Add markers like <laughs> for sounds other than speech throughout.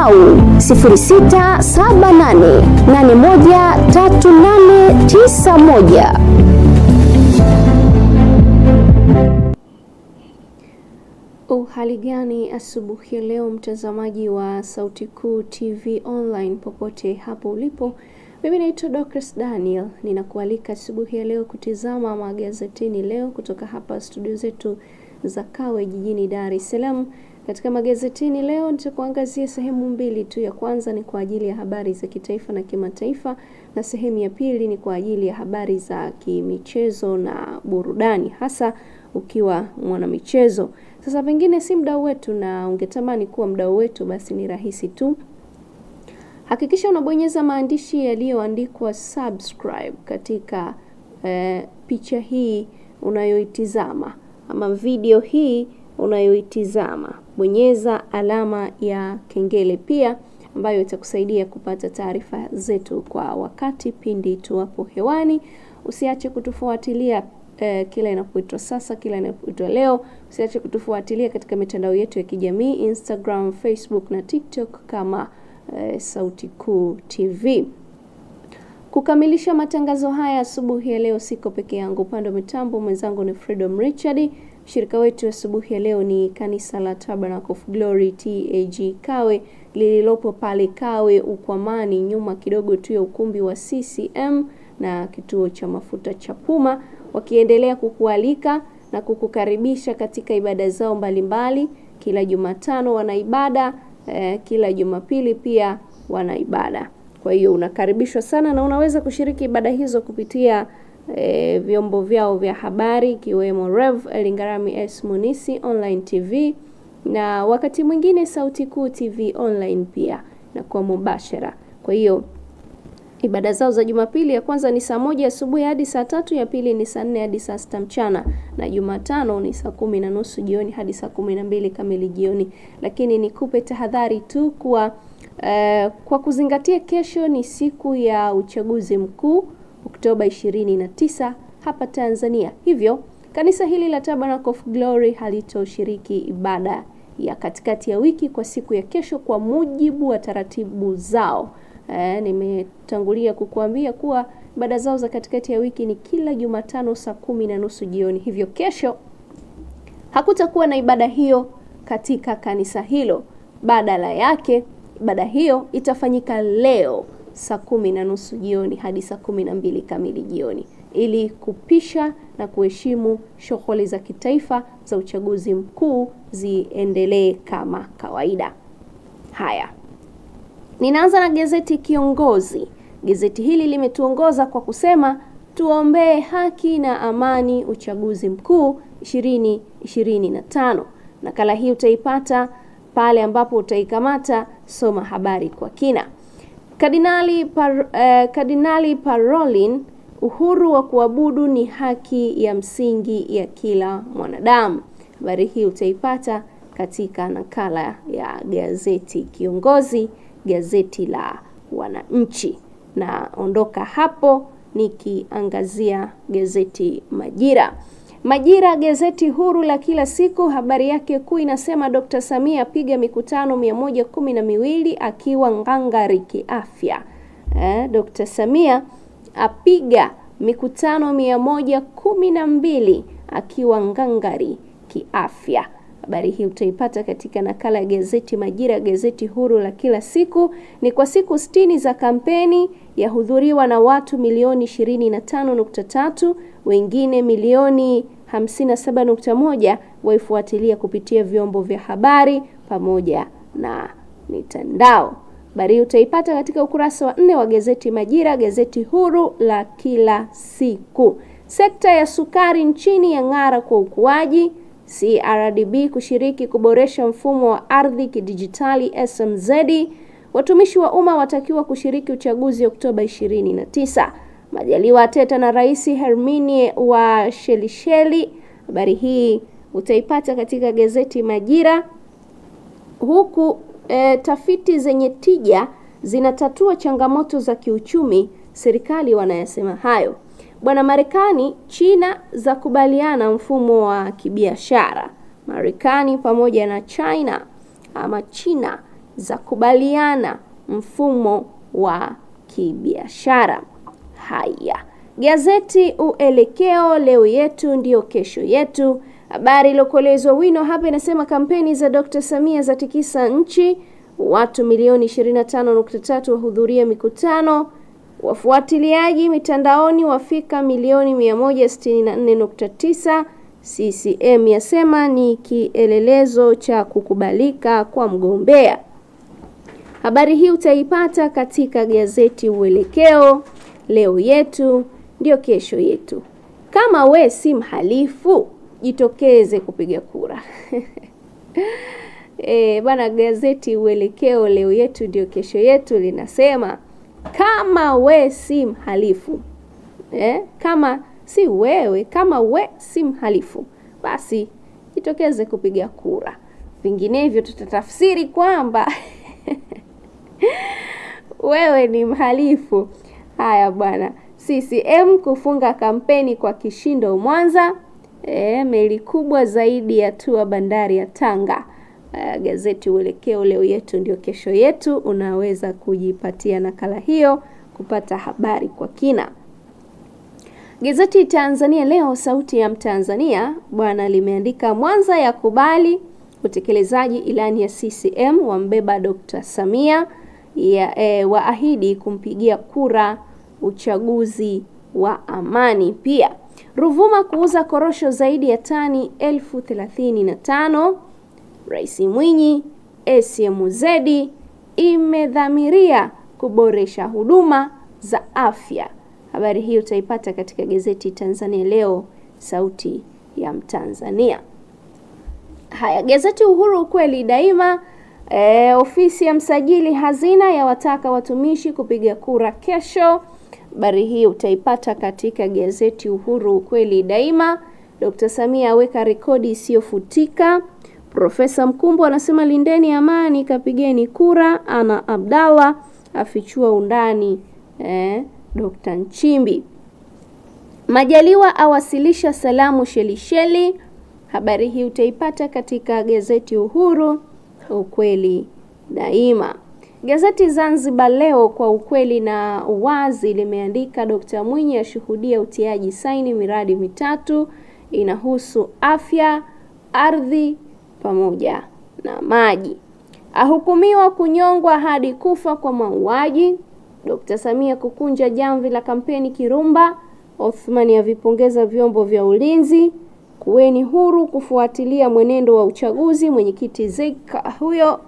au 0678813891. Hali gani asubuhi ya leo, mtazamaji wa Sauti Kuu TV Online, popote hapo ulipo, mimi naitwa Dorcas Daniel, ninakualika asubuhi ya leo kutizama magazetini leo kutoka hapa studio zetu za Kawe jijini Dar es Salaam, katika magazetini leo nitakuangazia sehemu mbili tu. Ya kwanza ni kwa ajili ya habari za kitaifa na kimataifa, na sehemu ya pili ni kwa ajili ya habari za kimichezo na burudani, hasa ukiwa mwanamichezo. Sasa pengine si mdau wetu na ungetamani kuwa mdau wetu, basi ni rahisi tu, hakikisha unabonyeza maandishi yaliyoandikwa subscribe katika eh, picha hii unayoitizama ama video hii unayoitizama. Bonyeza alama ya kengele pia ambayo itakusaidia kupata taarifa zetu kwa wakati pindi tuwapo hewani. Usiache kutufuatilia eh, kila inapoitwa sasa, kila inapoitwa leo. Usiache kutufuatilia katika mitandao yetu ya kijamii Instagram, Facebook na TikTok kama eh, Sauti Kuu TV. Kukamilisha matangazo haya asubuhi ya leo, siko peke yangu. Upande wa mitambo mwenzangu ni Freedom Richard. Mshirika wetu asubuhi ya leo ni kanisa la Tabernacle of Glory TAG Kawe lililopo pale Kawe Ukwamani, nyuma kidogo tu ya ukumbi wa CCM na kituo cha mafuta cha Puma, wakiendelea kukualika na kukukaribisha katika ibada zao mbalimbali mbali. Kila Jumatano wana ibada eh, kila Jumapili pia wana ibada. Kwa hiyo unakaribishwa sana na unaweza kushiriki ibada hizo kupitia e, vyombo vyao vya habari ikiwemo Rev Elingarami S Munisi Online TV na wakati mwingine Sauti Kuu TV Online pia na kwa mubashara. Kwa hiyo ibada zao za Jumapili ya kwanza ni saa moja asubuhi hadi saa tatu ya pili ni saa nne hadi saa sita mchana na Jumatano ni saa kumi na nusu jioni hadi saa kumi na mbili kamili jioni. Lakini nikupe tahadhari tu kwa, eh, kwa kuzingatia kesho ni siku ya uchaguzi mkuu Oktoba 29 hapa Tanzania. Hivyo kanisa hili la Tabernacle of Glory halitoshiriki ibada ya katikati ya wiki kwa siku ya kesho kwa mujibu wa taratibu zao. E, nimetangulia kukuambia kuwa ibada zao za katikati ya wiki ni kila Jumatano saa kumi na nusu jioni. Hivyo kesho hakutakuwa na ibada hiyo katika kanisa hilo. Badala yake ibada hiyo itafanyika leo saa kumi na nusu jioni hadi saa kumi na mbili kamili jioni ili kupisha na kuheshimu shughuli za kitaifa za uchaguzi mkuu ziendelee kama kawaida. Haya, ninaanza na gazeti Kiongozi. Gazeti hili limetuongoza kwa kusema tuombee haki na amani uchaguzi mkuu 2025. Nakala hii utaipata pale ambapo utaikamata, soma habari kwa kina. Kardinali, Par, eh, Kardinali Parolin, uhuru wa kuabudu ni haki ya msingi ya kila mwanadamu. Habari hii utaipata katika nakala ya gazeti Kiongozi, gazeti la Wananchi. Naondoka hapo nikiangazia gazeti Majira. Majira, gazeti huru la kila siku, habari yake kuu inasema Dr. Samia apiga mikutano mia moja kumi na miwili akiwa ngangari kiafya. Eh, Dr. Samia apiga mikutano mia moja kumi na mbili akiwa ngangari kiafya. Habari hii utaipata katika nakala ya gazeti Majira, gazeti huru la kila siku. Ni kwa siku sitini za kampeni, yahudhuriwa na watu milioni 25.3, wengine milioni 57.1 waifuatilia kupitia vyombo vya habari pamoja na mitandao. Habari hii utaipata katika ukurasa wa nne wa gazeti Majira, gazeti huru la kila siku. Sekta ya sukari nchini yang'ara kwa ukuaji. CRDB kushiriki kuboresha mfumo wa ardhi kidijitali SMZ. Watumishi wa umma watakiwa kushiriki uchaguzi Oktoba 29. Majaliwa ateta na Rais Herminie wa Shelisheli. Habari hii utaipata katika gazeti Majira. Huku e, tafiti zenye tija zinatatua changamoto za kiuchumi, serikali wanayasema hayo. Bwana Marekani, China zakubaliana mfumo wa kibiashara. Marekani pamoja na China ama China zakubaliana mfumo wa kibiashara. Haya, gazeti Uelekeo, leo yetu ndiyo kesho yetu. Habari iliyokolezwa wino hapa inasema kampeni za Dr. Samia zatikisa nchi, watu milioni 25.3 wahudhuria mikutano Wafuatiliaji mitandaoni wafika milioni 164.9. CCM yasema ni kielelezo cha kukubalika kwa mgombea. Habari hii utaipata katika gazeti Uelekeo, leo yetu ndio kesho yetu. Kama we si mhalifu, jitokeze kupiga kura. <laughs> E, bana, gazeti Uelekeo, leo yetu ndio kesho yetu linasema kama we si mhalifu eh, kama si wewe, kama we si mhalifu, basi jitokeze kupiga kura, vinginevyo tutatafsiri kwamba <laughs> wewe ni mhalifu. Haya bwana, CCM kufunga kampeni kwa kishindo Mwanza. E, meli kubwa zaidi ya tua bandari ya Tanga uh, gazeti Uelekeo, leo yetu ndio kesho yetu. Unaweza kujipatia nakala hiyo kupata habari kwa kina. Gazeti Tanzania Leo, sauti ya Mtanzania bwana, limeandika Mwanza ya kubali utekelezaji ilani ya CCM, wambeba Dr. Samia ya, e, waahidi kumpigia kura uchaguzi wa amani. Pia Ruvuma kuuza korosho zaidi ya tani elfu thelathini na tano Rais Mwinyi, SMZ imedhamiria kuboresha huduma za afya. Habari hii utaipata katika gazeti Tanzania Leo, sauti ya Mtanzania. Haya, gazeti Uhuru, ukweli daima. E, ofisi ya msajili hazina yawataka watumishi kupiga kura kesho. Habari hii utaipata katika gazeti Uhuru, ukweli daima. Dkt. Samia aweka rekodi isiyofutika. Profesa Mkumbo anasema lindeni amani, kapigeni kura. Ana Abdalla afichua undani eh, Dr. Nchimbi. Majaliwa awasilisha salamu Shelisheli. Habari hii utaipata katika gazeti Uhuru, ukweli daima. Gazeti Zanzibar Leo kwa ukweli na uwazi limeandika Dr. Mwinyi ashuhudia utiaji saini miradi mitatu, inahusu afya, ardhi pamoja na maji. Ahukumiwa kunyongwa hadi kufa kwa mauaji. Dkt. Samia kukunja jamvi la kampeni Kirumba. Othmani avipongeza vyombo vya ulinzi. Kuweni huru kufuatilia mwenendo wa uchaguzi. Mwenyekiti Zeka huyo.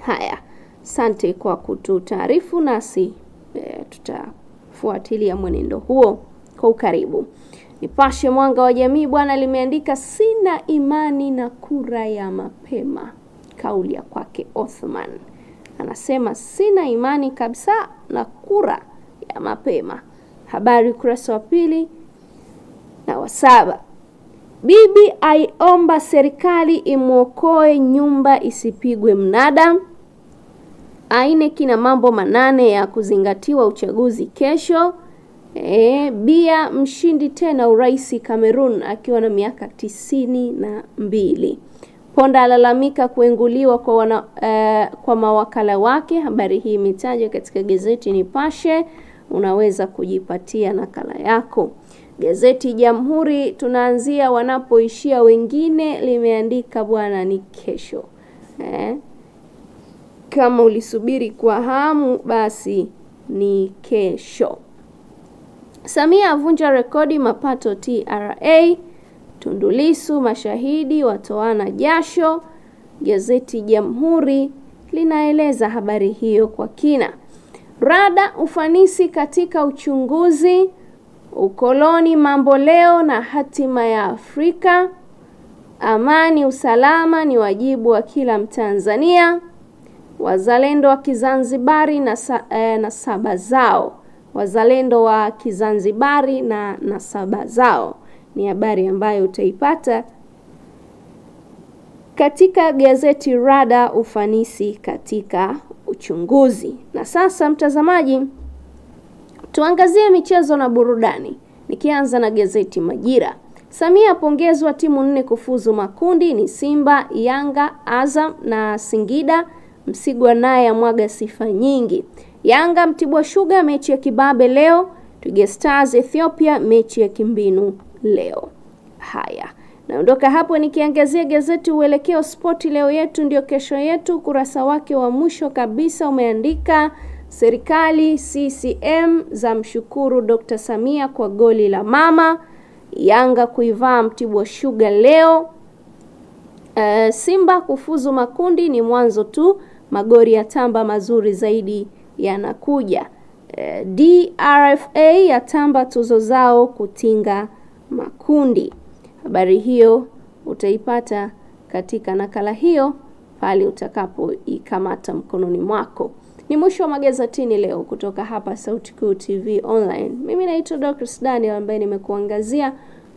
Haya, asante kwa kututaarifu nasi e, tutafuatilia mwenendo huo kwa ukaribu. Nipashe Mwanga wa Jamii bwana limeandika sina imani na kura ya mapema, kauli ya kwake Othman. Anasema sina imani kabisa na kura ya mapema, habari ukurasa wa pili na wa saba. Bibi aiomba serikali imwokoe nyumba isipigwe mnada. Aine na mambo manane ya kuzingatiwa uchaguzi kesho. E, bia mshindi tena urais Cameroon akiwa na miaka tisini na mbili. Ponda alalamika kuenguliwa kwa, wana, uh, kwa mawakala wake. Habari hii imetajwa katika gazeti Nipashe, unaweza kujipatia nakala yako. Gazeti Jamhuri tunaanzia wanapoishia wengine, limeandika bwana ni kesho eh. Kama ulisubiri kwa hamu, basi ni kesho. Samia avunja rekodi mapato TRA. Tundu Lissu mashahidi watoana jasho. Gazeti Jamhuri linaeleza habari hiyo kwa kina. Rada ufanisi katika uchunguzi. Ukoloni mambo leo na hatima ya Afrika. Amani usalama ni wajibu wa kila Mtanzania. Wazalendo wa Kizanzibari na, sa, eh, na saba zao wazalendo wa Kizanzibari na nasaba zao. Ni habari ambayo utaipata katika gazeti Rada, ufanisi katika uchunguzi. Na sasa, mtazamaji, tuangazie michezo na burudani, nikianza na gazeti Majira. Samia apongezwa timu nne kufuzu makundi ni Simba, Yanga, Azam na Singida. Msigwa naye amwaga sifa nyingi. Yanga Mtibwa Sugar mechi ya kibabe leo, Twiga Stars Ethiopia mechi ya kimbinu leo. Haya, naondoka hapo nikiangazia gazeti Uelekeo Spoti, leo yetu ndio kesho yetu. Ukurasa wake wa mwisho kabisa umeandika serikali CCM za mshukuru Dr. Samia kwa goli la mama, Yanga kuivaa Mtibwa Sugar leo. Uh, Simba kufuzu makundi ni mwanzo tu, magori ya tamba mazuri zaidi yanakuja. E, eh, DRFA yatamba tuzo zao kutinga makundi. Habari hiyo utaipata katika nakala hiyo pale utakapoikamata mkononi mwako. Ni mwisho wa magazetini leo kutoka hapa Sauti Kuu TV Online. Mimi naitwa Dorcas Daniel ambaye nimekuangazia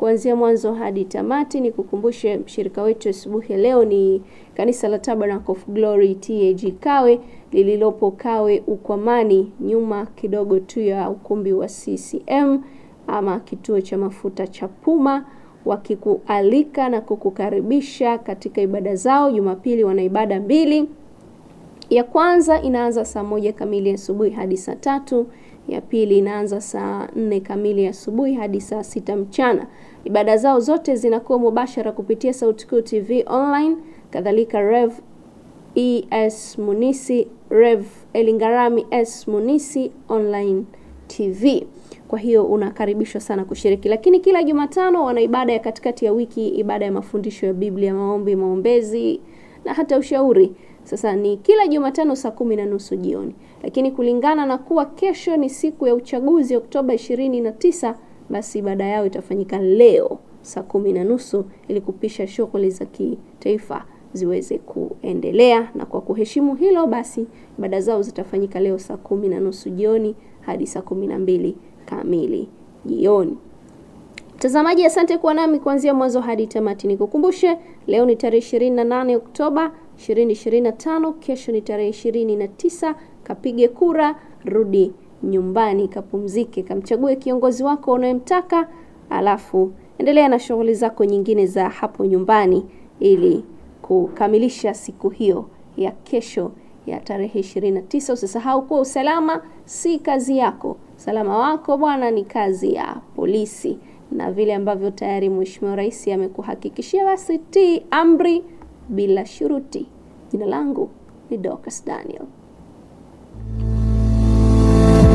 kuanzia mwanzo hadi tamati. Ni kukumbushe mshirika wetu asubuhi leo ni kanisa la Tabernacle of Glory TAG Kawe lililopo Kawe Ukwamani, nyuma kidogo tu ya ukumbi wa CCM ama kituo cha mafuta cha Puma, wakikualika na kukukaribisha katika ibada zao. Jumapili wana ibada mbili, ya kwanza inaanza saa moja kamili asubuhi hadi saa tatu ya pili inaanza saa nne kamili asubuhi hadi saa sita mchana. Ibada zao zote zinakuwa mubashara kupitia Sauti Kuu TV online, kadhalika Rev ES Munisi, Rev Elingarami S Munisi online TV. Kwa hiyo unakaribishwa sana kushiriki, lakini kila Jumatano wana ibada ya katikati ya wiki, ibada ya mafundisho ya Biblia, maombi, maombezi na hata ushauri. Sasa ni kila Jumatano saa kumi na nusu jioni lakini kulingana na kuwa kesho ni siku ya uchaguzi Oktoba 29, basi ibada yao itafanyika leo saa kumi na nusu ili kupisha shughuli za kitaifa ziweze kuendelea. Na kwa kuheshimu hilo, basi ibada zao zitafanyika leo saa kumi na nusu jioni hadi saa kumi na mbili kamili jioni. Mtazamaji, asante kuwa nami kuanzia mwanzo hadi tamati. Nikukumbushe, leo ni tarehe 28 Oktoba 2025, kesho ni tarehe 29 kapige kura, rudi nyumbani, kapumzike, kamchague kiongozi wako unayemtaka, alafu endelea na shughuli zako nyingine za hapo nyumbani ili kukamilisha siku hiyo ya kesho ya tarehe 29. Usisahau kuwa usalama si kazi yako, usalama wako bwana ni kazi ya polisi, na vile ambavyo tayari Mheshimiwa Rais amekuhakikishia, basi tii amri bila shuruti. Jina langu ni Dorcas Daniel.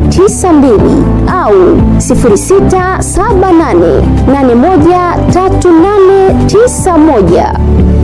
9292 au 0678813891.